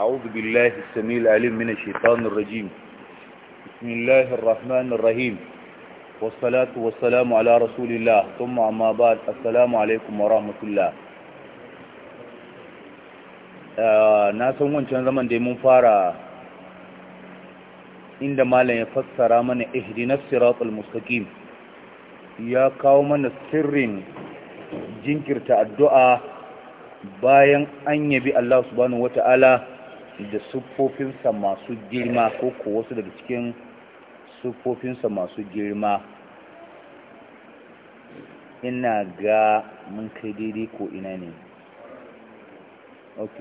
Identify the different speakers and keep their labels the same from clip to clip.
Speaker 1: أعوذ بالله السميع العليم من الشيطان الرجيم بسم الله الرحمن الرحيم والصلاة والسلام على رسول الله ثم أما بعد السلام عليكم ورحمة الله na san wancan zaman da mun fara inda malam ya fassara mana ihdinas siratal mustaqim ya kawo mana sirrin jinkirta addu'a bayan an yabi Allah subhanahu wata'ala da siffofinsa masu girma ko ko wasu daga cikin siffofinsa masu girma ina ga mun kai daidai ko ina ne ok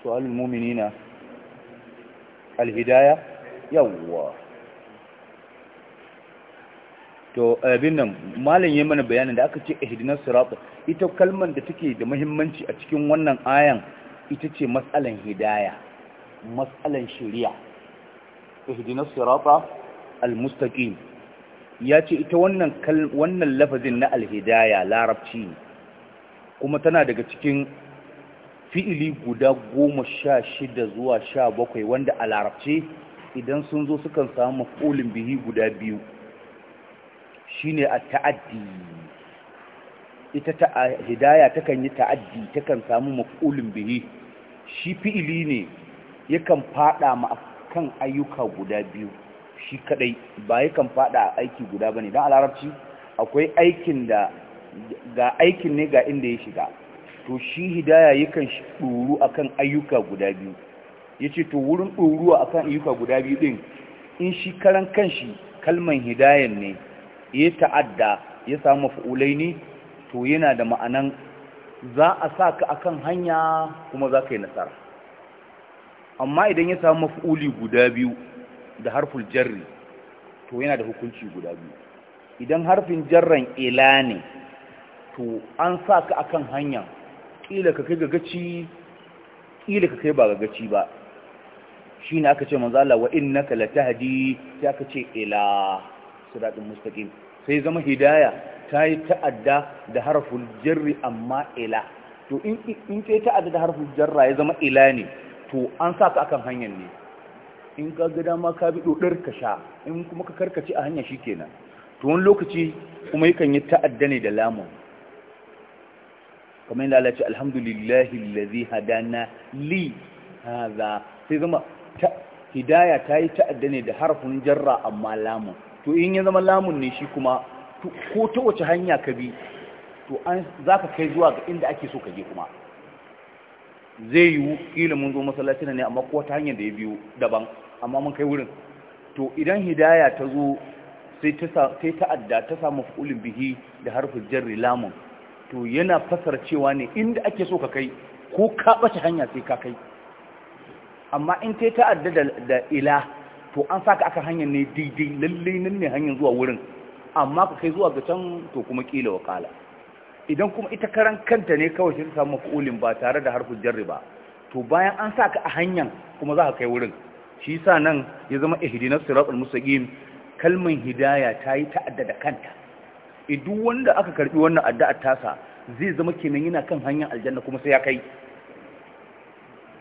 Speaker 1: su'alul muminina alhidaya yawwa to abin nan malam yi mana bayanin da aka ce ihdinas sirat ita kalmar da take da muhimmanci a cikin wannan ayan ita ce matsalan hidaya matsalan shari'a ihdina sirata almustaqim ya ce ita wannan wannan lafazin na alhidaya larabci kuma tana daga cikin fi'ili guda goma sha shida zuwa sha bakwai wanda a larabci idan sun zo sukan samu maf'ulin bihi guda biyu shine a ta'addi ita ta hidaya takan yi ta'addi takan samu maqulun bihi shi fi'ili ne yakan fada ma kan ayyuka guda biyu shi kadai ba yakan fada aiki guda bane dan a larabci akwai aikin da ga aikin ne ga inda ya shiga to shi hidaya yakan ɗoru akan ayyuka guda biyu ya ce to wurin ɗoruwa akan ayyuka guda biyu ɗin in shi karan kanshi kalman hidayen ne ya ta'adda ya samu fa'ulai ne to yana da ma'anan za a sa ka akan hanya kuma za ka yi nasara amma idan ya samu maf'uli guda biyu da harfin jarri to yana da hukunci guda biyu idan harfin jarran ila ne to an sa ka akan hanya kila ka kai gagaci kila ka kai ba gagaci ba ne aka ce maza wa'in na kalata hadi Ta aka ce ila daɗin mustaƙin sai zama hidaya ta yi ta'adda da haraful jarri amma ila to in ta yi ta'adda da haraful jarra ya zama ila ne to an sa ka akan hanyar ne in ka ga dama ka bi ɗoɗar ka sha in kuma ka karkace a hanya shi kenan to wani lokaci kuma yakan yi ta'adda ne da lamun kamar yadda Allah ce alhamdulillahi allazi hadana li haza. sai zama hidaya ta yi ta'adda ne da harfin jarra amma lamun to in ya zama lamun ne shi kuma ko ta wace hanya ka bi to an za ka kai zuwa ga inda ake so ka je kuma zai yiwu ilimin mun zo masallacin ne amma ko ta hanyar da ya biyu daban amma mun kai wurin to idan hidaya ta zo sai ta adda ta samu fulin bihi da harfin jarri lamun to yana fasar cewa ne inda ake so ka kai ko ka ɓace hanya sai ka kai amma in ta ta'adda da ila to an saka aka hanyar ne daidai lalle nan ne hanyar zuwa wurin amma ka kai zuwa ga can to kuma kila wa kala idan kuma ita karan kanta ne kawai shi ta samu ma'ulin ba tare da harfin jarri ba to bayan an saka a hanyar kuma za ka kai wurin shi sa nan ya zama ihdinas siratal mustaqim kalman hidaya ta yi ta'adda da kanta idu wanda aka karbi wannan addu'a tasa zai zama kenan yana kan hanyar aljanna kuma sai ya kai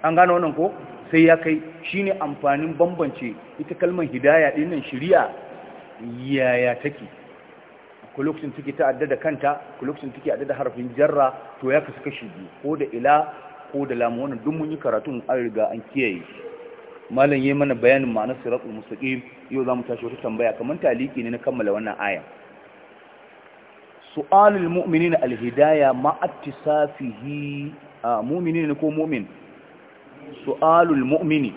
Speaker 1: an gano wannan ko sai ya kai shi ne amfanin bambance ita kalmar hidaya ɗin nan shari'a yaya take ku take ta addada kanta ku lokacin take addada harfin jarra to ya kasu kashi biyu ko da ila ko da lamu wannan duk mun yi karatun an riga an kiyaye malam yayi mana bayanin ma'anar siratul mustaqim yau zamu tashi wata tambaya kamar taliki ne na kammala wannan aya su'alul mu'minina Alhidaya ma mu'minina ko mu'min su'alul mu'mini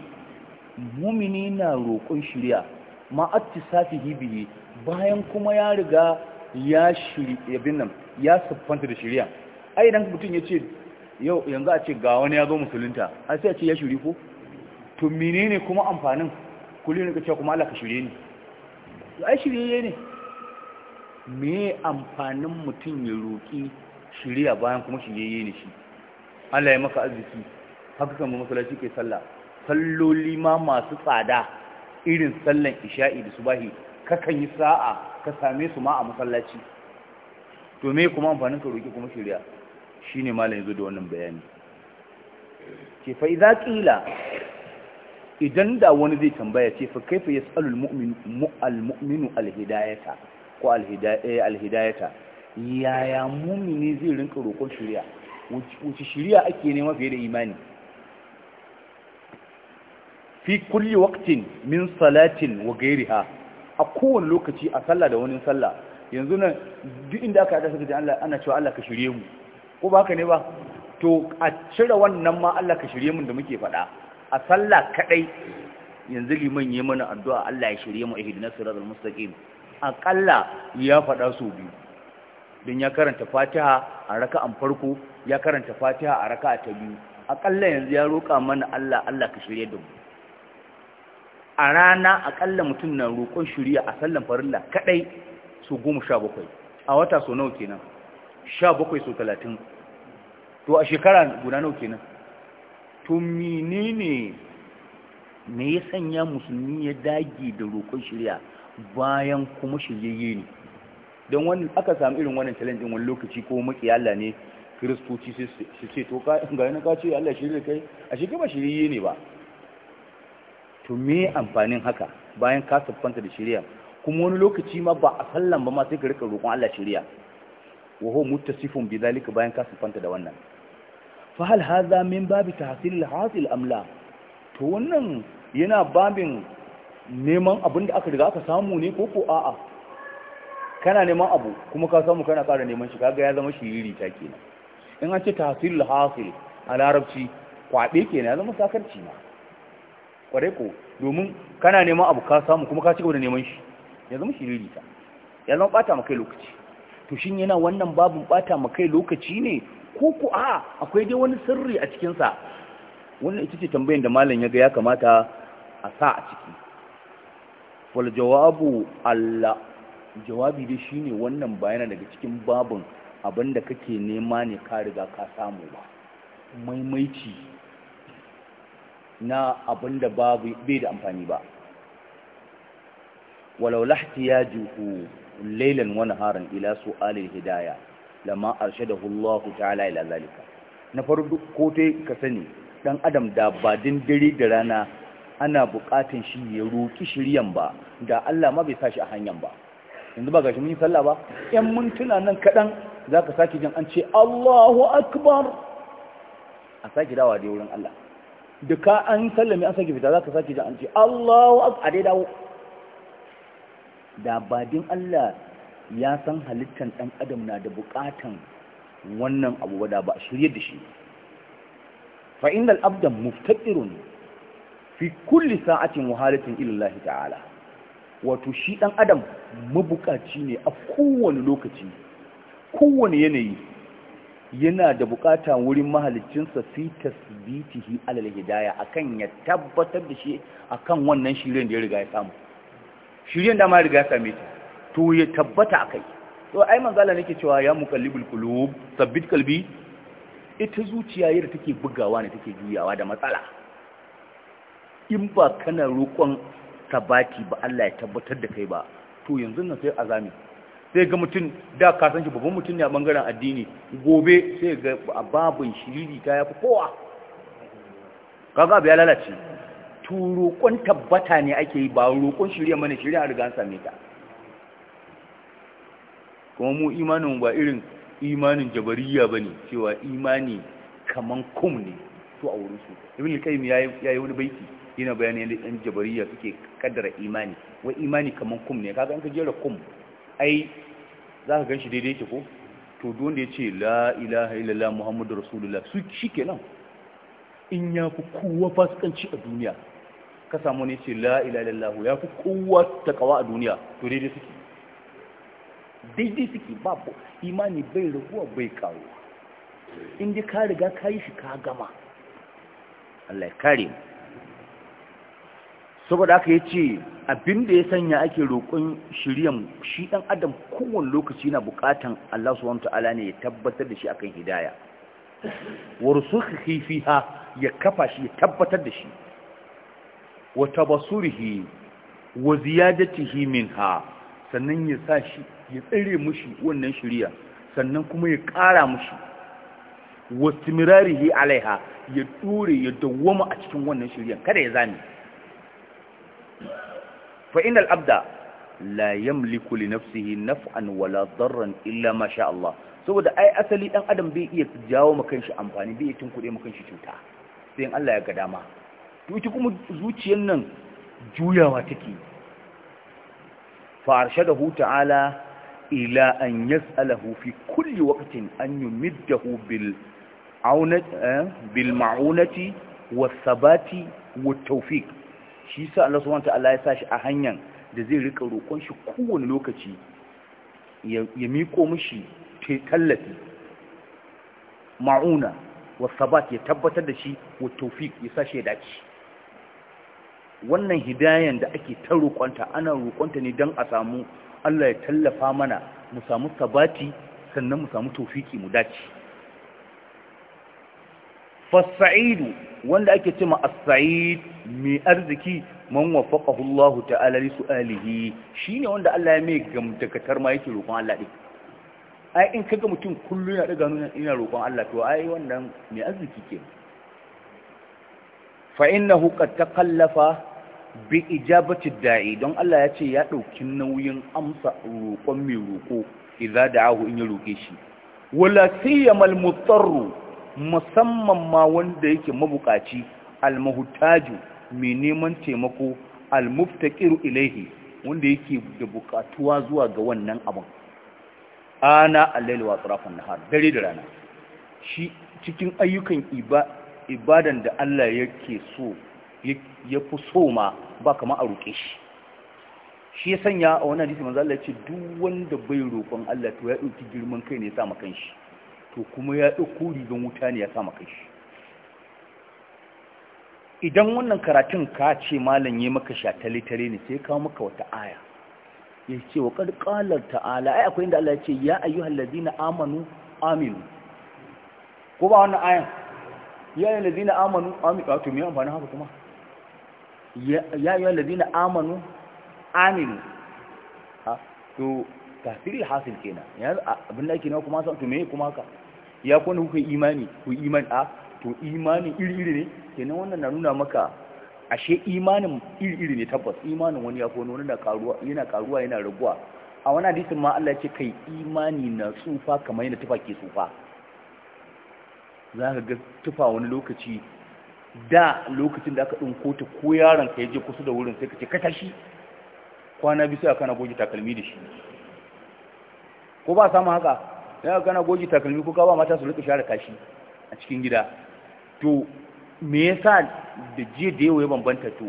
Speaker 1: mu'mini na roƙon shirya ma attisafihi bihi bayan kuma ya riga ya shiri abin nan ya siffanta da shirya ai idan mutum ya ce yau yanzu a ce ga wani ya zo musulunta a sai a ce ya shiri ko to menene kuma amfanin kullum ne ka kuma Allah ka shirye ni ai shirye ne me amfanin mutum ya roƙi shirya bayan kuma shirye ne shi Allah ya maka arziki haka kan masallaci ke sallah salloli ma masu tsada irin sallan isha'i da subahi kakan yi sa'a ka same su ma a masallaci to me kuma amfanin ka roki kuma shirya shine malam yazo da wannan bayani ce fa idza qila idan da wani zai tambaya ce fa kaifa yasalul mu'min mu'al alhidayata ko eh, alhidayata yaya mumini zai rinka roƙon shirya Wacce shirya ake nema fiye da imani fi kulli waqtin min salatin wa ghayriha a kowane lokaci a sallah da wani sallah yanzu nan duk inda aka hada da Allah ana cewa Allah ka shirye mu ko ba haka ne ba to a cire wannan ma Allah ka shirye mu da muke faɗa a sallah kadai yanzu liman yi mana addu'a Allah ya shirye mu ihdina siratal mustaqim kalla ya fada su biyu don ya karanta fatiha a raka'an farko ya karanta fatiha a raka'a ta biyu akalla yanzu ya roka mana Allah Allah ka shirye da mu a rana akalla mutum na roƙon shuriya a sallan farilla kadai su goma sha bakwai a wata so nawa kenan sha bakwai so talatin to a shekara guda nawa kenan to ne. me ya sanya musulmi ya dage da roƙon shirya bayan kuma shiryayye ne don wani aka samu irin wannan talentin wani lokaci ko maki Allah ne kiristoci su ce to ga yana ka ce Allah shirya kai a shirye ba shiryayye ne ba to me amfanin haka bayan ka siffanta da shari'a kuma wani lokaci ma ba a sallan ba ma sai ka rika roƙon Allah shari'a wa huwa muttasifun bi zalika bayan ka siffanta da wannan fa hal hadha min babi tahsil hasil amla to wannan yana babin neman abin da aka riga aka samu ne ko ko a'a kana neman abu kuma ka samu kana ƙara neman shi kaga ya zama shiriri ta kenan in an ce tahsil hasil a larabci kwaɗe kenan ya zama sakarci ma kware ko domin kana neman abu ka samu kuma ka cigaba da neman shi ya zama shi ririta ya zama bata makai lokaci to shin yana wannan babin bata makai lokaci ne ko ku a akwai dai wani sirri a cikinsa? sa wannan ita ce tambayar da malam ya ga ya kamata a sa a ciki wal jawabu Allah jawabi dai shine wannan bayana daga cikin babin abinda kake nema ne ka riga ka samu ba maimaici na abin da bai da amfani ba walau lahti ya juhu lailan wani harin ila su alil hidaya lama arshe da hullahu ta'ala ila zalika na farko ko ta ka sani dan adam da ba din da rana ana bukatan shi ya roƙi shiryan ba da Allah ma bai sa shi a hanyar ba yanzu ba gashi mun yi sallah ba yan mintuna nan kaɗan, zaka sake jin an ce Allahu akbar a sake dawa da wurin Allah da ka an sallami an sake fita za ka sake ji an ce a dai dawo da badin Allah ya san halittar ɗan adam na da buƙatan wannan abu da ba a shirye da shi fa Abdam abda ne fi kulli sa'atin wa illallah ta'ala wato shi ɗan adam mabukaci ne a kowane lokaci kowane yanayi yana da bukata wurin mahalicinsa fi tasbitihi alal hidaya akan ya tabbatar da shi akan wannan shirin da ya riga ya samu shirin da ma riga ya same ta to ya tabbata akai to ai manzala nake cewa ya muqallibul qulub sabbit qalbi ita zuciya yadda take bugawa ne take juyawa da matsala in ba kana roƙon sabati ba Allah ya tabbatar da kai ba to yanzu nan sai azami sai ga mutum da kasance babban mutum ne a bangaren addini gobe sai ga babin shiriri ta yafi kowa kaga ya lalace to roƙon tabbata ne ake yi ba roƙon shirya mana shirya a riga an same ta kuma mu imanin ba irin imanin jabariya ba ne cewa imani kaman kum ne to a wurin su, ibn al-qayyim ya yi wani baiti yana bayanin yadda ɗan jabariya suke kaddara imani wai imani kaman kum ne kaga an ka jera kum ai za ka gan shi daidai ke ko to da ya ce la ilaha muhammadu rasulullah su shi kenan in ya fi kowa fasikanci a duniya ka samu ne ce la ilaha ya fi kowa takawa a duniya to daidai suke daidai suke ba imani bai raguwa bai karo in ka riga ka yi shi ka gama Allah ya kare saboda aka yi ce Abin da ya sanya ake roƙon shirya shi ɗan adam kowane lokaci na buƙatan Allah wanta ala ne ya tabbatar da shi akan hidaya wa rusukhi ha ya kafa shi ya tabbatar da shi wa tabasurihi wa ziyadatihi ha sannan ya sa shi ya tsire mushi wannan shirya sannan kuma ya ƙara mushi wa istimrarihi alaiha ya ɗore ya dawwama a cikin wannan shirya kada ya zame Fa'inal abda la yamliku li nafsihi naf'an wala darran illa masha Allah saboda ai asali dan adam bai iya jawo ma kanshi amfani bai iya tunkuɗe ma kanshi cuta sai Allah ya ga dama to ita kuma zuciyar nan Farshe take fa arshadahu ta'ala ila an yas'alahu fi kulli waqtin an yumiddahu bil aunati eh, bil ma'unati was sabati wat tawfiq shi sa Allah subhanahu ta'ala ya sa shi a hanyar da zai rika roƙon shi kowane lokaci ya miko mishi tallafi ma'una wa sabat ya tabbatar da shi wa tawfiq ya sa ya dace wannan hidayen da ake ta roƙonta ana roƙonta ne dan a samu Allah ya tallafa mana mu samu sabati sannan mu samu tawfiqi mu dace fasa'idu wanda ake cima as-sa'id mai arziki man waffaqahu Allah ta'ala li shi ne wanda Allah ya mai gamtakatar ma yake roƙon Allah din ai in kaga mutum kullum yana daga nuna ina roƙon Allah to ai wannan mai arziki ke fa innahu qad taqallafa bi ijabati da'i don Allah ya ce ya ɗauki nauyin amsa roƙon mai roƙo idza da'ahu in ya roƙe shi wala siyamal mutarru musamman ma wanda yake mabukaci almahutaju mai neman taimako almuftaqiru ilaihi wanda yake da bukatuwa zuwa ga wannan abin ana alaili wa atrafan nahar dare da rana shi cikin ayyukan ibadan da Allah yake so ya fi so ma ba kama a roƙe shi shi ya sanya a wani hadisi manzo Allah ya ce duk wanda bai roƙon Allah to ya ɗauki girman kai ne ya sa makan shi to kuma ya ɗauko rigan wuta ne ya sama kai shi idan wannan karatun ka ce malam ya maka sha talitare ne sai kawo maka wata aya ya ce wa ƙarƙalar ta'ala ai akwai inda Allah ya ce ya ayyuhal ladina amanu aminu ko ba wannan ayan ya ayyuhal ladina amanu aminu wato me amfani haka kuma ya ayyuhal ladina amanu aminu to tafsiril hasil kenan yanzu abin da ake nawa kuma san to me kuma haka ya kone kuka imani ku iman a to imanin iri-iri ne kenan wannan na nuna maka ashe imanin iri-iri ne tabbas imanin wani ya kone wani yana karuwa yana raguwa a wani hadisin ma Allah ce kai imani na tsufa kamar yadda tufa ke tsufa za ka ga tufa wani lokaci da lokacin da aka ɗinko ta ko yaron ka ya je kusa da wurin sai ka ce ka tashi kwana bisa sai kana goge takalmi da shi ko ba samu haka ya kana goji takalmi ko ka ba mata su rika share kashi a cikin gida to me yasa da jiya da yau ya bambanta to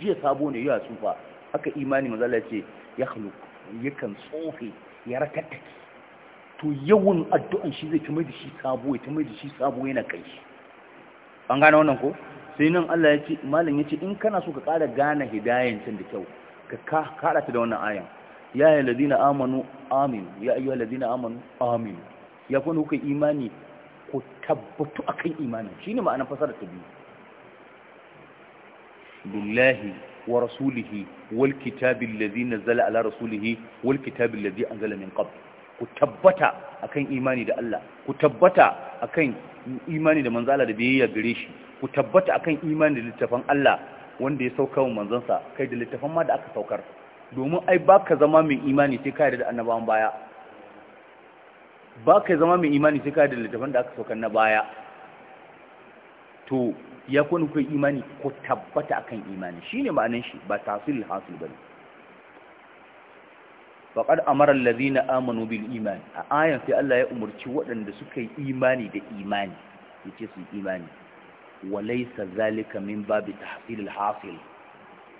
Speaker 1: jiya sabo ne ya tsufa haka imani mazala ce ya khluq yakan tsofe ya rakata to yawan addu'an shi zai tumai da shi sabo ya tumai da shi sabo yana kai an gane wannan ko sai nan Allah ya ce malam ya ce in kana so ka kara gane hidayen can da kyau ka kara ta da wannan ayan ya yi ladina amanu amin ya ayyuhal ladina amanu amin ya kuma kuka imani ku tabbatu akan imanin shine ma'anar fasara ta biyu billahi wa rasulihi wal kitabi ladina Zala ala rasulihi wal kitabi an zala min qabl ku tabbata akan imani da Allah ku tabbata akan imani da manzala da biyayya gare shi ku tabbata akan imani da littafin Allah wanda ya sauka wa manzansa kai da littafin ma da aka saukar domin ai ba ka zama mai imani sai ka da annabawan baya ba ka zama mai imani sai ka da littafin da aka saukar na baya to ya kone kai imani ko tabbata akan imani shine ma'anin shi ba tasil hasil bane faqad amara allazina amanu bil iman a ayan sai Allah ya umarci waɗanda suka yi imani da imani yace su imani walaysa zalika min babi tahsil hasil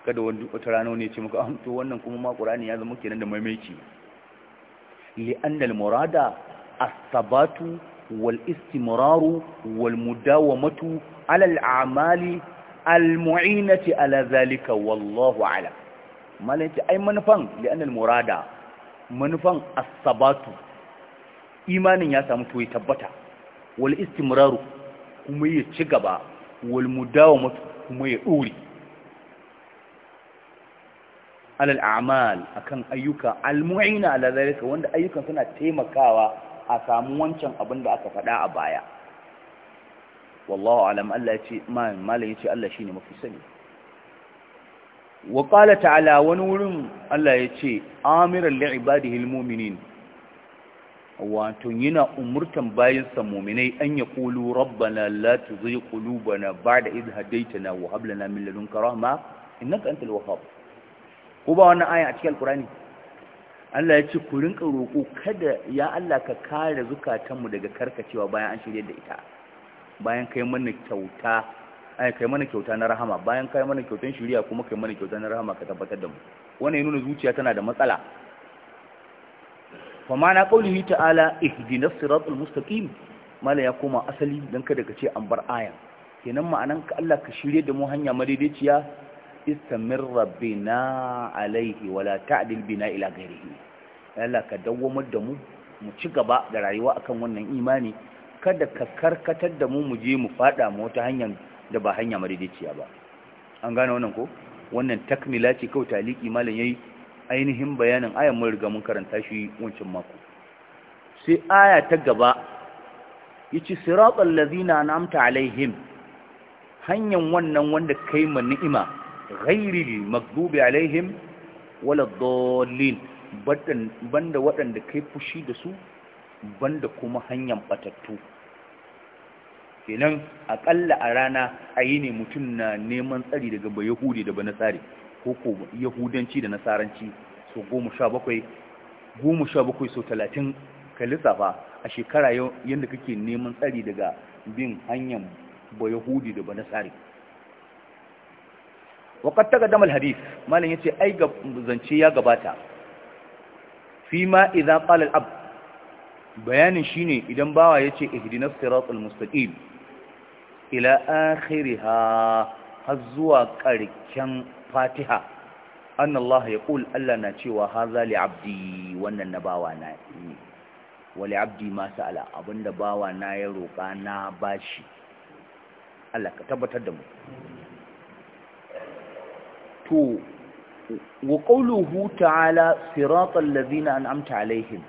Speaker 1: kada wata rana ne ce muka amto ah, wannan kuma ma ya zama kenan da maimaici li'anna al-murada as-sabatu wal istimraru wal mudawamatu ala al-a'mali al-mu'inati ala zalika wallahu a'lam malaci ai manufan li'anna al-murada manufan as-sabatu imanin ya samu to tabbata wal istimraru kuma ya ci gaba wal mudawamatu kuma ya dore alal a'mal akan ayyuka almu'ina ala zalika wanda ayyukan suna taimakawa a samu wancan abin da aka faɗa a baya wallahu alam Allah yace man yace Allah shine mafi sani wa qala ta'ala wani wurin Allah yace amiran li ibadihi almu'minin wato yana umurtan bayansa mu'minai an yaqulu rabbana la tuzigh qulubana ba'da idh hadaytana wa hab lana min ladunka rahma innaka antal wahhab ko ba wannan aya a cikin alkurani Allah ya ce ku rinka roƙo kada ya Allah ka kare zukatanmu daga karkacewa bayan an shirye da ita bayan kai mana kyauta ay eh, kai mana kyauta na rahama bayan kai mana kyautan shiriya kuma kai mana kyauta na rahama ka tabbatar da mu wannan ya nuna zuciya tana da matsala fa na qaulihi ta'ala ihdinas siratal mustaqim mala ya koma asali dan kada ka ce an bar aya kenan ma'anan ka Allah ka shirye da mu hanya madaidaiciya istamir rabbina alaihi wala ta'dil bina ila ghairihi Allah ka dawwamar da mu mu ci gaba da rayuwa akan wannan imani kada ka karkatar da mu mu je mu fada mu wata hanyar da ba hanya maridiciya ba an gane wannan ko wannan takmila ce kawai taliki malam yayi ainihin bayanin ayan mun riga mun karanta shi wancan mako sai aya ta gaba yace siratal ladina an'amta alaihim hanyan wannan wanda kai ma ni'ima غير المغضوب عليهم ولا الضالين banda waɗanda kai fushi da su banda kuma hanyar batattu kenan aƙalla a rana a yi ne mutum na neman tsari daga ba yahudi da ba nasari ko ko yahudanci da nasaranci so goma sha bakwai goma sha bakwai so talatin ka lissafa a shekara yadda kake neman tsari daga bin hanyar ba yahudi da ba nasari Hadis, تقدم ya ce ai ga zance ya gabata. Fi ma iza قال ab. bayanin shine idan bawa yace ihdinas siratul mustaqim ila akhiriha har zuwa karken fatiha ya yaqul Allah na cewa haza li abdi wannan na bawa na ne wali abdi ma ala, abinda bawa na ya roƙa na bashi Allah ka tabbatar da mu to wa qawluhu ta'ala siratal ladina an'amta alaihim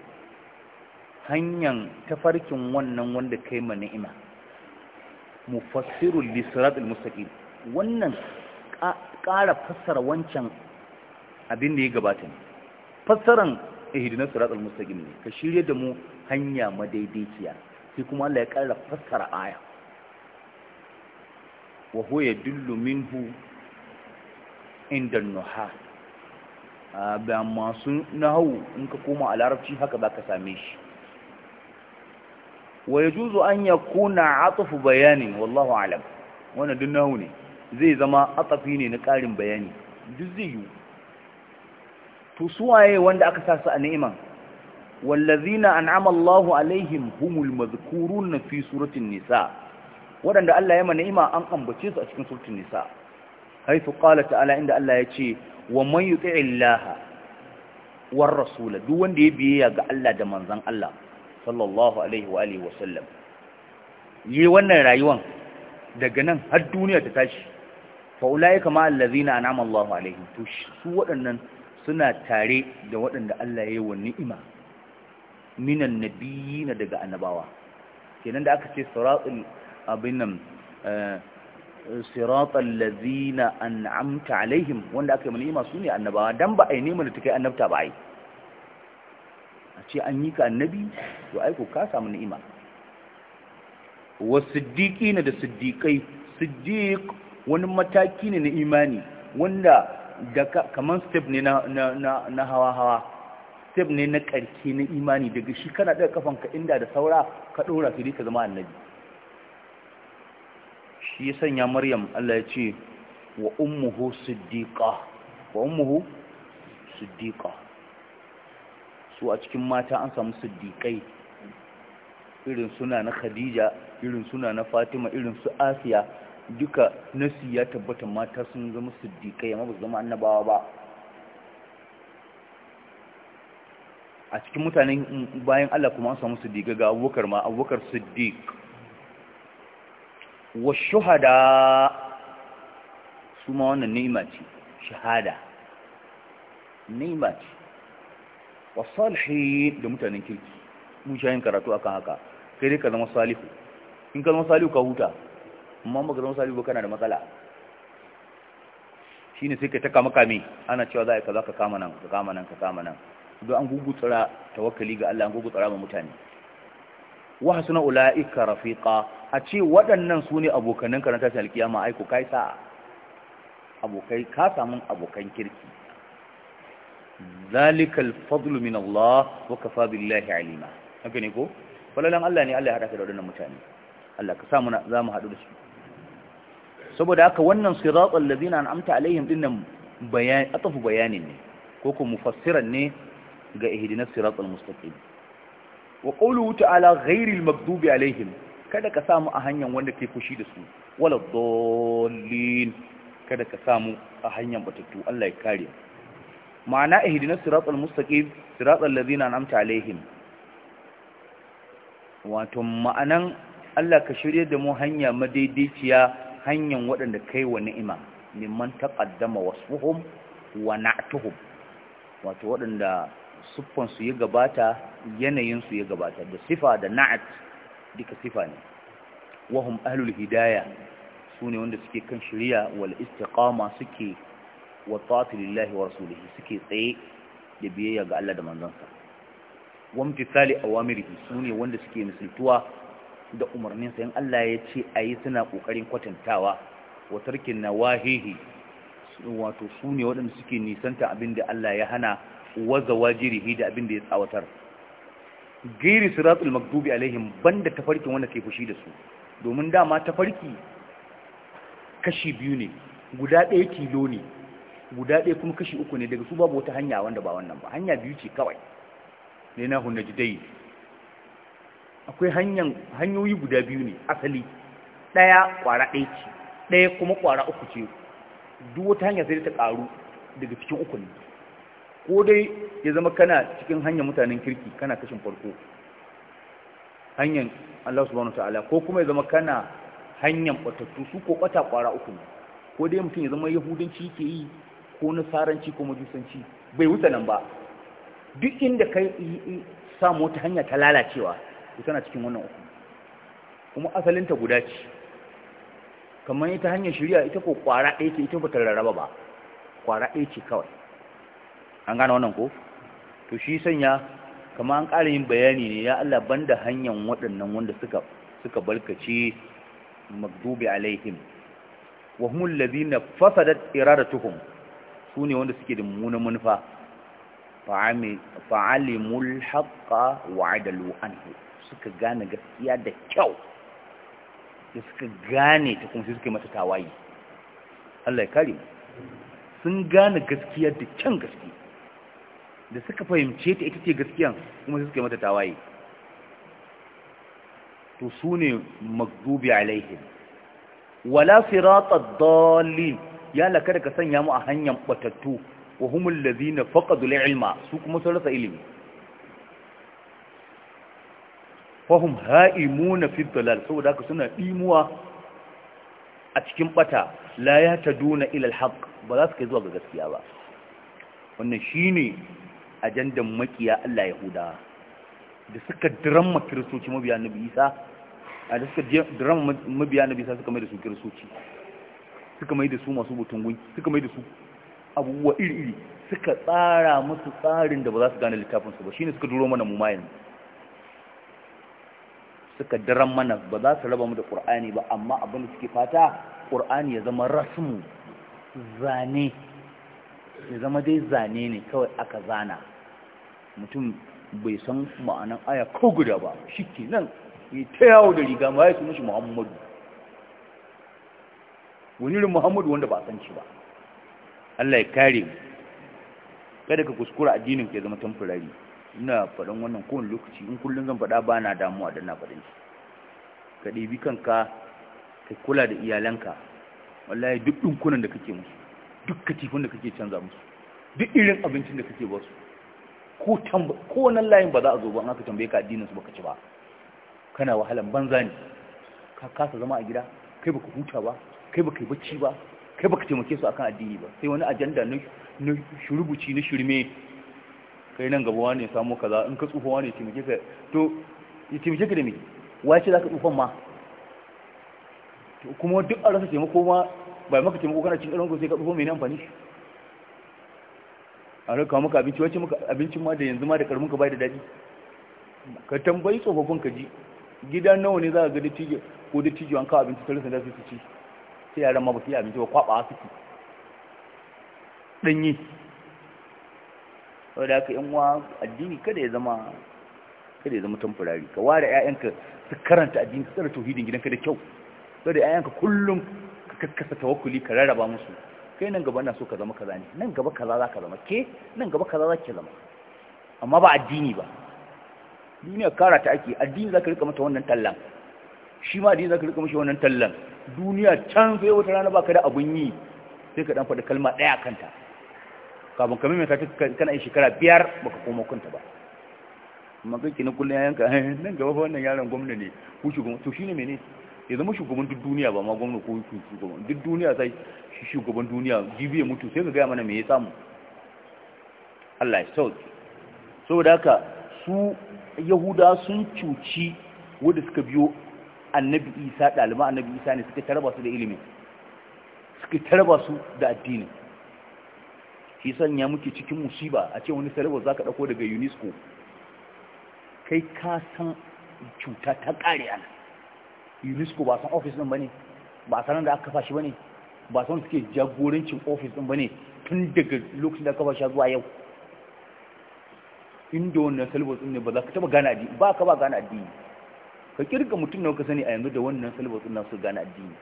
Speaker 1: hanyan tafarkin wannan wanda kai ma ni'ima mufassirul lisiratul mustaqim wannan ƙara fassara wancan abin da ya gabata ne fassaran ihdinas siratal mustaqim ne ka shirye da mu hanya madaidaiciya sai kuma Allah ya ƙara fassara aya wa huwa yadullu minhu inda nuha ba masu nahawu in ka koma a larabci haka ba ka same shi wa ya juzu an ya kuna atufu bayanin wallahu alam wannan duk nahawu ne zai zama atafi ne na ƙarin bayani duk zai yi to suwaye wanda aka sa su a ni'iman wallazina an'ama Allahu alaihim humul madhkurun fi suratin nisa wadanda Allah ya mana ni'ima an ambace su a cikin suratin nisa haythu qala ta'ala inda Allah ya ce wa man yuti'illaha war rasula duk wanda ya biyayya ga Allah da manzan Allah sallallahu alaihi wa alihi wasallam yi wannan rayuwan daga nan har duniya ta tashi fa ulaika ma allazina an'ama Allahu alaihim to su waɗannan suna tare da waɗanda Allah ya yi wa ni'ima minan nabiyina daga annabawa kenan da aka ce siratul abin nan siratal an an'amta alaihim wanda aka yi ni'ima su ne annabawa dan ba yi neman da take annabta ba ai a ce an yi ka annabi to ai ko ka samu ni'ima wasiddiqina da siddiqai siddiq wani mataki ne na imani wanda da kaman step ne na na hawa hawa step ne na karke na imani daga shi kana daga kafanka inda da saura ka dora sai ka zama annabi shi ya sanya maryam Allah ya ce wa ummuhu siddiqa wa ummuhu siddiqa su a cikin mata an samu siddiqai irin suna na khadija irin suna na fatima irin su asiya duka nasi ya tabbata mata sun zama siddiqai amma ba su zama annabawa ba a cikin mutanen bayan Allah kuma an samu siddiqa ga abubakar ma abubakar siddiq wa shuhada su ma wannan ni'ima ce shahada ni'ima ce wa salihin da mutanen kirki mun sha yin karatu akan haka kai dai ka zama salihu in ka zama salihu ka huta amma ba ka zama salihu ba kana da matsala shine sai kai ta makami kame ana cewa za a yi kaza ka kama nan ka kama nan ka kama nan don an tsara tawakali ga Allah an tsara ma mutane wa hasuna ulaika rafiqa a ce waɗannan su ne abokanin karanta shi alkiyama aiko ka yi sa abokai ka samun abokan kirki zalikal fadlu min Allah wa kafa billahi alima haka ne ko falalan Allah ne Allah ya haɗa ka da waɗannan mutane Allah ka sa za mu haɗu da shi. saboda haka wannan siratal ladina an'amta alaihim din nan bayan atafu bayanin ne ko ko mufassiran ne ga ihdinas siratal mustaqim wa qawluhu ta'ala ghairil maghdubi alaihim kada ka samu a hanyar wanda ke fushi da su wala dolin kada ka samu a hanyar batattu Allah ya kare ma'ana ihdinas siratal mustaqim siratal ladina an'amta alaihim wato ma'anan Allah ka shirye da mu hanya madaidaiciya hanyar waɗanda kai wa ni'ima liman taqaddama wasfuhum wa na'tuhum wato waɗanda siffansu ya gabata yanayinsu ya gabata da sifa da na'at duka sifa ne wahum ahlul hidaya su wanda suke kan shirya wal istiqama suke wa ta'ati lillahi wa rasulihi suke tsaye da biyayya ga Allah da manzansa wa mtisali awamirihi su ne wanda suke misaltuwa da umarninsa in Allah ya ce ayi suna kokarin kwatantawa wa tarkin nawahihi wato su ne waɗanda suke nisanta abin da Allah ya hana wa zawajirihi da abin da ya tsawatar gairi siratul magdubi alaihim banda tafarkin wanda kai fushi da su domin dama tafarki kashi biyu ne guda ɗaya tilo ne guda ɗaya kuma kashi uku ne daga su babu wata hanya wanda ba wannan ba hanya biyu ce kawai ne na hunna jidai akwai hanyoyi guda biyu ne asali ɗaya ƙwara ɗaya ce ɗaya kuma ƙwara uku ce duk wata hanya sai ta ƙaru daga cikin uku ne ko dai ya zama kana cikin hanyar mutanen kirki kana kashin farko hanyar Allah subhanahu ta'ala ko kuma ya zama kana hanyar batattu su ko bata kwara uku ne ko dai mutum ya zama yahudanci ke yi ko nasaranci ko majusanci bai wuce nan ba duk inda ka samu wata hanya ta lalacewa ku tana cikin wannan uku kuma asalinta guda ce kamar ita hanyar shirya ita ko kwara ɗaya ce ita ba ta rarraba ba kwara ɗaya ce kawai an gane wannan ko to shi sanya kama an ƙara yin bayani ne ya Allah banda hanyar waɗannan wanda suka suka balkace magdubi alaihim wa hum alladhina fasadat iradatuhum sune wanda suke da mummunan manufa fa'alimul haqqa wa adalu anhu suka gane gaskiya da kyau da suka gane ta kuma suka mata tawayi Allah ya kare sun gane gaskiya da kyan gaskiya da suka fahimce ta ita ce gaskiyan kuma suka yi mata tawaye to su ne magdubi alaihim wala sirata dalil ya laka da ka sanya mu a hanyar batattu wa humul ladina faqadu ilma su kuma sun rasa ilimi fahum ha'imuna fi dalal saboda haka suna dimuwa a cikin bata la ya duna ila ba za su kai zuwa ga gaskiya ba wannan shine ajandan makiya Allah huda. da suka diramma kiristoci mabiya nabi Isa a da suka diramma mabiya nabi Isa suka mai da su kiristoci suka mai da su masu butun gun suka mai da su abubuwa iri-iri suka tsara musu tsarin da ba za su gane littafinsu ba shine suka duro mana mu suka daren mana ba za su raba mu da ƙur'ani ba amma abin da suke fata ƙur'ani ya zama rasmu zane ya zama dai zane ne kawai aka zana mutum bai san ma'anan aya ko guda ba shi ke nan ya ta yawo da riga ma ya suna mashi muhammadu wani irin muhammadu wanda ba san shi ba allah ya kare mu kada ka kuskura addinin ka ya zama tamfurari ina faɗin wannan kowane lokaci in kullum zan faɗa ba na damuwa don na faɗin shi ka ɗebi kanka ka kula da iyalanka wallahi duk ɗinkunan da kake musu duk katifin da kake canza musu duk irin abincin da kake basu ko wannan layin ba za a zo ba aka tambaye ka addinin su baka ci ba kana wahalan banza ne ka kasa zama a gida kai baka huta ba kai baka yi bacci ba kai baka taimake su akan addini ba sai wani ajanda na shurubuci na shirme kai nan gaba wani samu kaza in ka tsufa wani ya taimake ka to ya taimake ka da me wace za ka tsufan ma kuma duk a rasa taimako ma bai maka taimako kana cin ko sai ka tsufa mai amfani a rika maka abinci wacce maka abincin ma da yanzu ma da karmin ka bai da daɗi ka tambayi tsofaffin ka ji gida nawa ne za ka ga da tijo ko da tijo an kawo abinci tarihin da su ci sai yaran ma ba su yi abinci ba kwaɓa suke ɗanyi wadda aka yin wa addini kada ya zama kada ya zama tamfurari ka ware 'ya'yanka su karanta addini su tsara tauhidin gidanka da kyau kada 'ya'yanka kullum ka kakkasa tawakkuli ka rarraba musu kai nan gaba na so ka zama kaza ne nan gaba kaza za ka zama ke nan gaba kaza za ki zama amma ba addini ba duniya kara ta ake addini za ka rika mata wannan tallan shi ma addini za ka rika mashi wannan tallan duniya can sai wata rana ba ka da abun yi sai ka dan faɗi kalma ɗaya kanta kafin ka mai ta kana yin shekara biyar ba ka koma kanta ba amma kai kina kullum ya yanka eh, nan gaba fa wannan yaron gwamna ne ku shi to shine menene ya zama shugaban duk duniya ba ma gwamna ko shugaban duk duniya sai shi shugaban duniya jibi ya mutu sai ka gaya mana me ya samu Allah ya sauke saboda haka su yahuda sun cuci wanda suka biyo annabi isa ɗaliban annabi isa ne suka tarba su da ilimin suka tarba su da addini shi ya muke cikin musiba a ce wani sarrafa za ka ɗauko daga unesco kai ka san cuta ta ƙare ana unesco ba san ofis din bane ba san da aka kafa shi bane ba san suke jagorancin ofis din bane tun daga lokacin da aka kafa shi zuwa yau inda wannan salibus din ne ba za ka taba gane addini ba ka ba gane addini ka kirga mutum na ka sani a yanzu da wannan salibus din su gane addini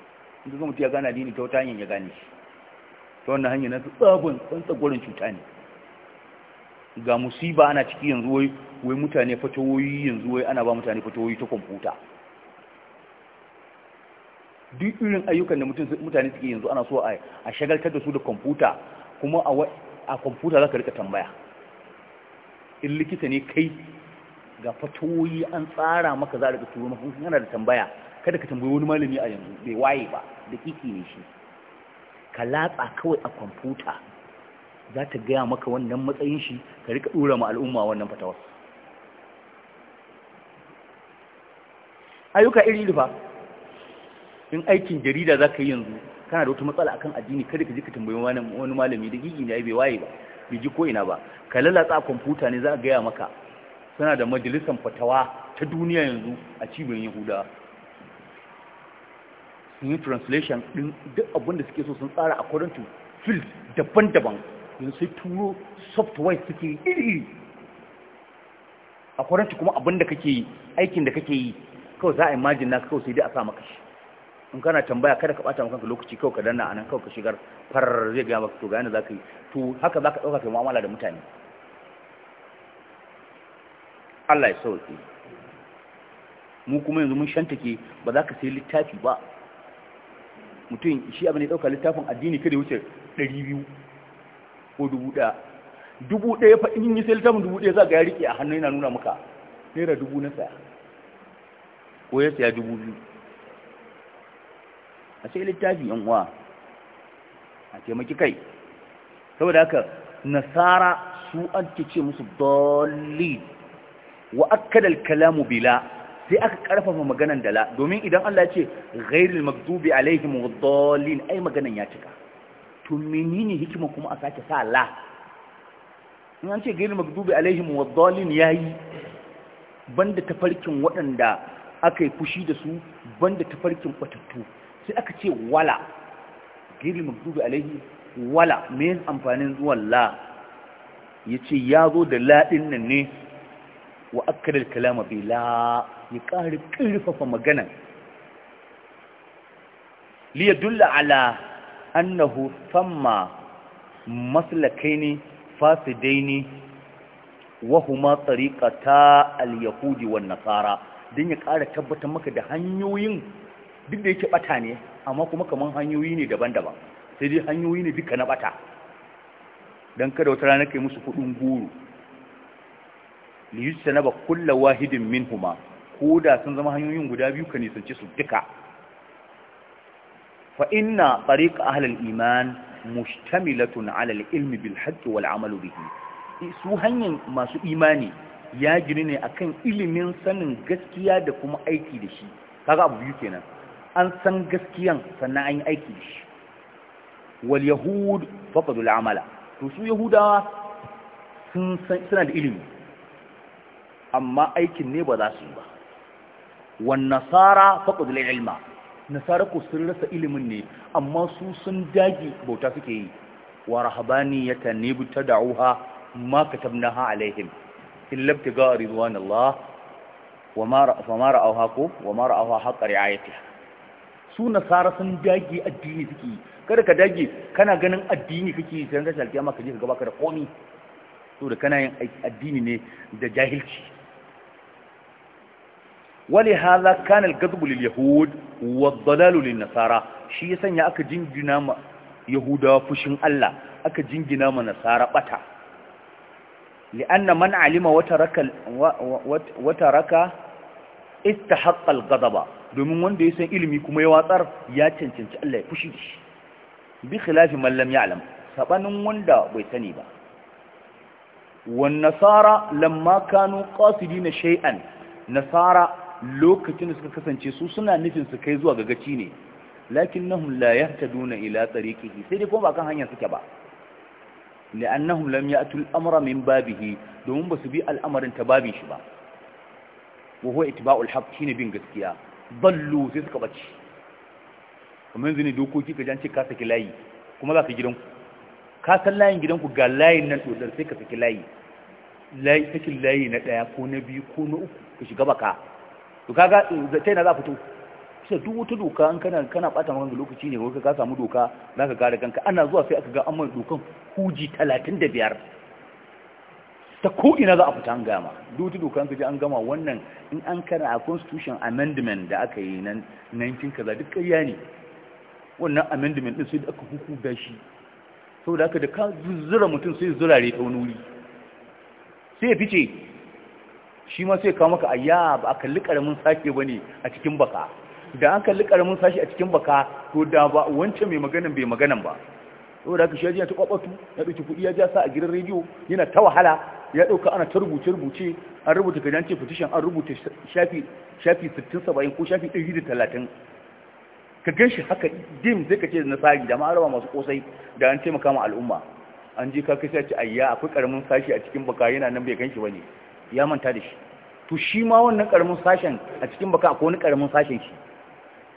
Speaker 1: inda zama mutum ya gane addini ta wata hanyar ya gane shi ta wannan hanyar na tsabon gwarin cuta ne ga musiba ana ciki yanzu wai mutane fatawoyi yanzu wai ana ba mutane fatawoyi ta kwamfuta duk irin ayyukan da mutane suke yanzu ana so a shagaltar da su da kwamfuta kuma a kwamfuta za ka rika tambaya in likita ne kai ga fatoyi an tsara maka za a rika turu mafi yana da tambaya kada ka tambayi wani malami a yanzu bai waye ba da kiki ne shi ka latsa kawai a kwamfuta za ta gaya maka wannan matsayin shi ka rika ɗora ma al'umma wannan fatawar ayyuka iri iri fa in aikin jarida za ka yi yanzu kana da wata matsala akan addini kada ka ji ka tambayi wani malami da gigi ne bai waye ba bai ji ko ina ba ka lalatsa a kwamfuta ne za a gaya maka suna da majalisar fatawa ta duniya yanzu a cibiyar yahuda sun yi translation din duk abin da suke so sun tsara a kwarantu field daban-daban yanzu sai turo software suke iri-iri a kwarantu kuma abin da kake yi aikin da kake yi kawai za a imagine na kawai sai dai a sa maka shi in kana tambaya kada ka bata kanka lokaci kawai ka danna anan kawai ka shigar farar zai ga maka to ga yanda zaka yi to haka zaka dauka kai mu'amala da mutane Allah ya sauke mu kuma yanzu mun shantake ba za ka sai littafi ba mutum shi abin da dauka littafin addini kada ya wuce 200 ko 1000 dubu ɗaya fa in yi sai littafin dubu ɗaya za ga ya rike a hannu yana nuna maka naira dubu na saya ko ya saya dubu biyu a sai littafi yan uwa a taimaki kai saboda haka nasara su an ce musu dalil wa akkada kalamu bila sai aka karfafa maganan dala domin idan Allah ya ce ghairil maghdubi alaihim waddallin ai maganan ya cika to menene hikima kuma a sake sa la in an ce ghairil maghdubi alaihim waddallin yayi banda tafarkin waɗanda aka yi fushi da su banda tafarkin kwatattu sai aka ce wala giri maktubi alaihi wala me amfanin zuwan la ya ce ya zo da laɗin nan ne wa akkada kalama bai la ya ƙara ƙarfafa magana Liya dulla ala annahu thamma maslakaini fasidaini wa wahuma tsarikata al-yahudi wa nasara Don ya ƙara tabbatar maka da hanyoyin duk da yake bata ne amma kuma kaman hanyoyi ne daban-daban sai dai hanyoyi ne duka na bata don kada wata rana kai musu kudin guru liyus ba kullu wahidin minhuma ko da sun zama hanyoyin guda biyu ka nisanci su duka fa inna tariq ahlul iman mushtamilatun ala al-ilmi bil haqq wal amal bihi su hanyar masu imani ya gini ne akan ilimin sanin gaskiya da kuma aiki da shi kaga abu biyu kenan an san gaskiyan sannan an yi aiki shi wal yahud faqadul amala to su yahudawa sun suna da ilimi amma aikin ne ba za su yi ba wan nasara faqadul ilma nasara ku sun rasa ilimin ne amma su sun dage bauta suke yi wa rahabaniyata ne bi da'uha ma katabnaha alaihim illa ibtiga ridwanillah wa ma ra'awha ko wa ma ra'awha haqqa ri'ayatiha su nasara sun dage addini suke kada ka dage kana ganin addini kake yi sai ka alkiyama ka je ka gaba ka da komi to da kana yin addini ne da jahilci wali hadha kana al-ghadab lil yahud wa ad-dalal lin nasara shi ya sanya aka jingina ma yahudawa fushin Allah aka jingina ma nasara bata li'anna man alima wa taraka wa taraka domin wanda ya san ilimi kuma ya watsar ya cancanci Allah ya fushi shi bi khilafi man lam ya'lam sabanin wanda bai sani ba wan nasara lamma kanu qasidina shay'an nasara lokacin da suka kasance su suna nufin su kai zuwa gagaci ne lakinnahum la yahtaduna ila tariqihi sai dai kuma ba kan hanyar suke ba li'annahum lam ya'tu al-amra min babihi domin basu bi al'amarin ta babin shi ba wa huwa ittiba'ul haqq shine bin gaskiya ballu sai suka bace kuma yanzu ne dokoki ka jance ka saki layi kuma za ka gidanku ka san layin gidanku ga layin nan dodar sai ka saki layi layi saki layi na daya ko na biyu ko na uku ka shiga baka to kaga zai na za fito sai duk wata doka an kana kana bata maka lokaci ne ko ka samu doka za ka gare kanka ana zuwa sai aka ga an mai dokan huji 35 ta ko'ina za a fita an gama duk dokan ji an gama wannan in an kana a constitution amendment da aka yi nan 19 kaza duk ƙarya ne wannan amendment din sai da aka gashi. shi saboda aka da ka zura mutum sai zurare ta wani wuri sai ya fice shi ma sai kawo maka ayya ba a kalli karamin sake ba ne a cikin baka da an kalli karamin sashi a cikin baka to da ba wancan mai maganan bai maganan ba saboda haka shi ya ta kwakwatu ya ɗauki kuɗi ya ja sa a gidan rediyo yana ta wahala ya ɗauka ana ta rubuce rubuce an rubuta ka ce petition an rubuta shafi shafi 60 70 ko shafi da talatin. ka gan shi haka dim zai ka ce na sari da ma'arawa masu kosai da an taimaka ma al'umma an je ka kasa ci ayya akwai karamin sashi a cikin baka yana nan bai gan shi bane ya manta da shi to shi ma wannan karamin sashen a cikin baka akwai wani karamin sashen shi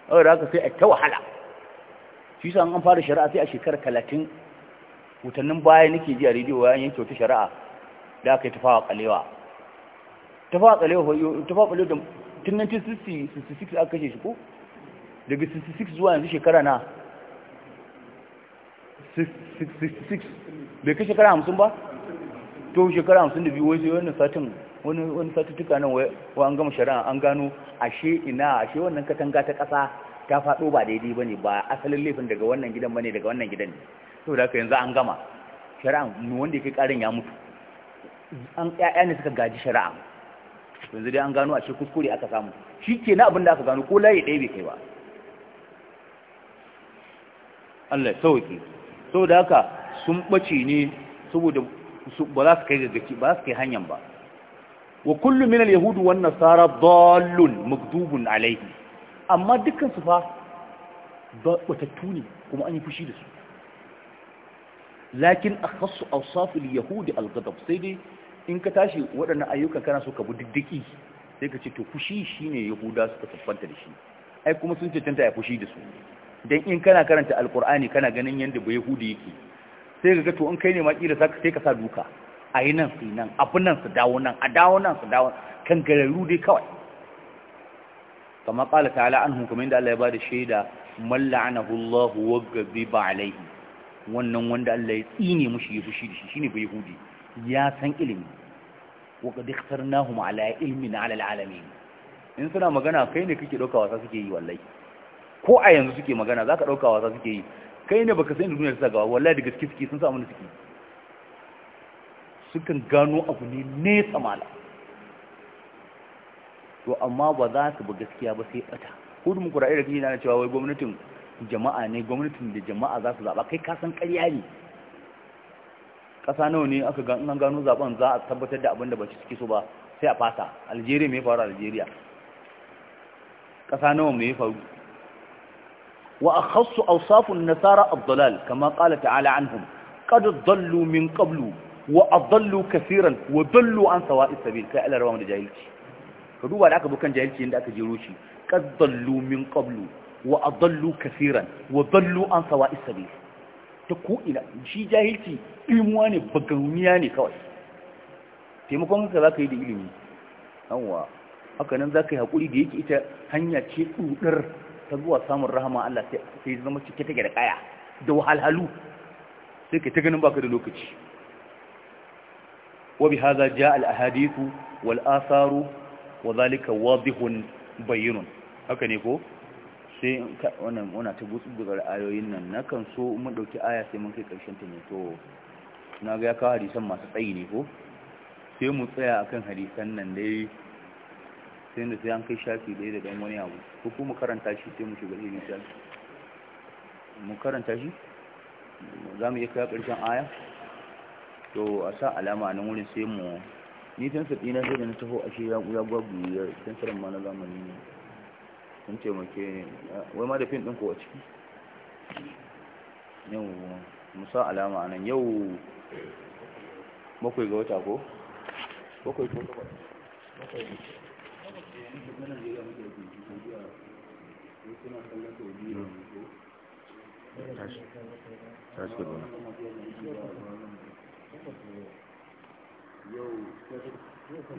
Speaker 1: saboda haka sai a ta wahala shi sa an fara shari'a sai a shekarar talatin hutannin baya nake ji a rediyo yayin yanke wata shari'a da aka yi tafawa kalewa tafawa kalewa tafawa kalewa da tun 1966 aka kashe shi ko daga 66 zuwa yanzu shekara na 66 bai kai shekara 50 ba to shekara 52 wai sai wannan satin wani wani satuttuka nan wa an gama shari'a an gano ashe ina ashe wannan katanga ta ƙasa ta faɗo ba daidai ba ne ba asalin laifin daga wannan gidan ba ne daga wannan gidan ne saboda haka yanzu an gama shari'a wanda ya kai ƙarin ya mutu an ƴaƴa ne suka gaji shari'a yanzu dai an gano ashe kuskure aka samu shi ke na abin da aka gano ko layi ɗaya bai kai ba Allah ya sauke saboda haka sun ɓace ne saboda ba za su kai gaggaci ba za su kai hanyar ba wa kullum min yahudu wannan wan nasara dallun magdubun alaihi amma dukkan fa batattu ne kuma an yi fushi da su lakin akhassu awsaf al-yahudi al sai dai in ka tashi waɗannan ayyuka kana so ka bi diddiki sai ka ce to fushi shine yahuda suka tabbanta da shi ai kuma sun cancanta ya fushi da su don in kana karanta alqur'ani kana ganin yanda ba yahudi yake sai ka ga to in kai ne ma kira sai ka sa duka a yi nan su yi nan abu nan su dawo nan a dawo nan su dawo kan kankararru dai kawai kama kala ala an hukumin da Allah ya bada shaida man la'anahu Allah wa ba alaihi wannan wanda Allah ya tsine mushi ya fushi da shi shine bai hudi ya san ilimi wa qad ikhtarnahum ala ilmin ala alalamin in suna magana kai ne kake dauka wasa suke yi wallahi ko a yanzu suke magana zaka dauka wasa suke yi kai ne baka san duniyar ta gaba wallahi da gaske suke sun samu suke sukan gano abu ne nesa mala to amma ba za su ba gaskiya ba sai bata hudumin kurare da kake na cewa wai gwamnatin jama'a ne gwamnatin da jama'a za su zaɓa kai ka san ƙarya ne ƙasa nawa ne aka an gano zaɓen za a tabbatar da abin da ba suke so ba sai a fasa algeria mai faru algeria ƙasa nawa mai faru wa akhassu awsafun nasara ad kama qala ta'ala anhum Kada zallu min qablu wa adallu kaseeran wa dallu an sawa'is sabil kai Allah rawamu da jahilci ka duba da aka bukan jahilci inda aka jero shi qad dallu min qablu wa adallu kaseeran wa dallu an sabil ta ko ina shi jahilci ilmuwa ne bagauniya ne kawai taimakon ka zaka yi da ilimi yawwa haka nan zaka yi hakuri da yake ita hanya ce dudar ta zuwa samun rahama Allah sai zama cike take da kaya da wahalhalu sai ka ta ganin baka da lokaci وبهذا جاء الأحاديث والآثار وذلك واضح بين haka ne ko sai wannan muna ta gutsugurar ayoyin nan na kan so mun dauki aya sai mun kai karshen ta ne to na ga ya kawo hadisan masu tsayi ne ko sai mu tsaya akan hadisan nan dai sai da sai an kai shafi dai da dan wani abu ko kuma karanta shi sai mu shiga hadisan mu karanta shi za mu iya kai karshen aya to a sa alama nan wurin sai mu ni sa dina sai da na taho a shi ya gwagwu ya fensirin ma na zamani ne sun taimake ne wai ma da fin ɗin ko a ciki yau sa alama nan yau bakwai ga wata ko bakwai ko bakwai yau